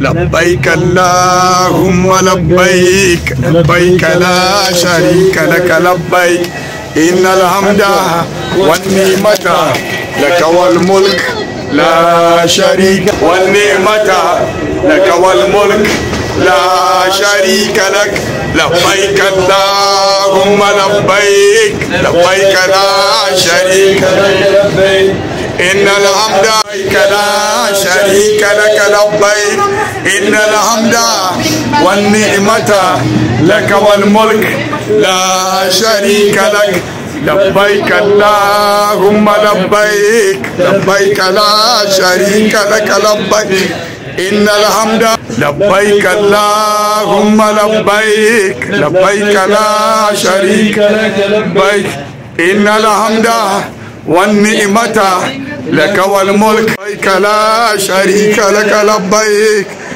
لبيك اللهم لبيك لبيك لا شريك لك لبيك إن الحمد والنعمة لك والملك لا شريك والنعمة لك والملك لا شريك لك لبيك اللهم لبيك لبيك لا شريك لك لبيك إن الحمد لك لا شريك لك لبيك إن الحمد والنعمة لك والملك لا شريك لك لبيك اللهم لبيك لبيك لا شريك لك لبيك إن الحمد لبيك اللهم لبيك لبيك لا شريك لك لبيك إن الحمد والنعمة لك والملك لبيك لا شريك لك لبيك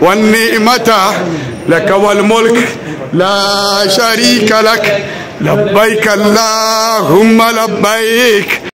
والنعمة لك والملك لا شريك لك لبيك اللهم لبيك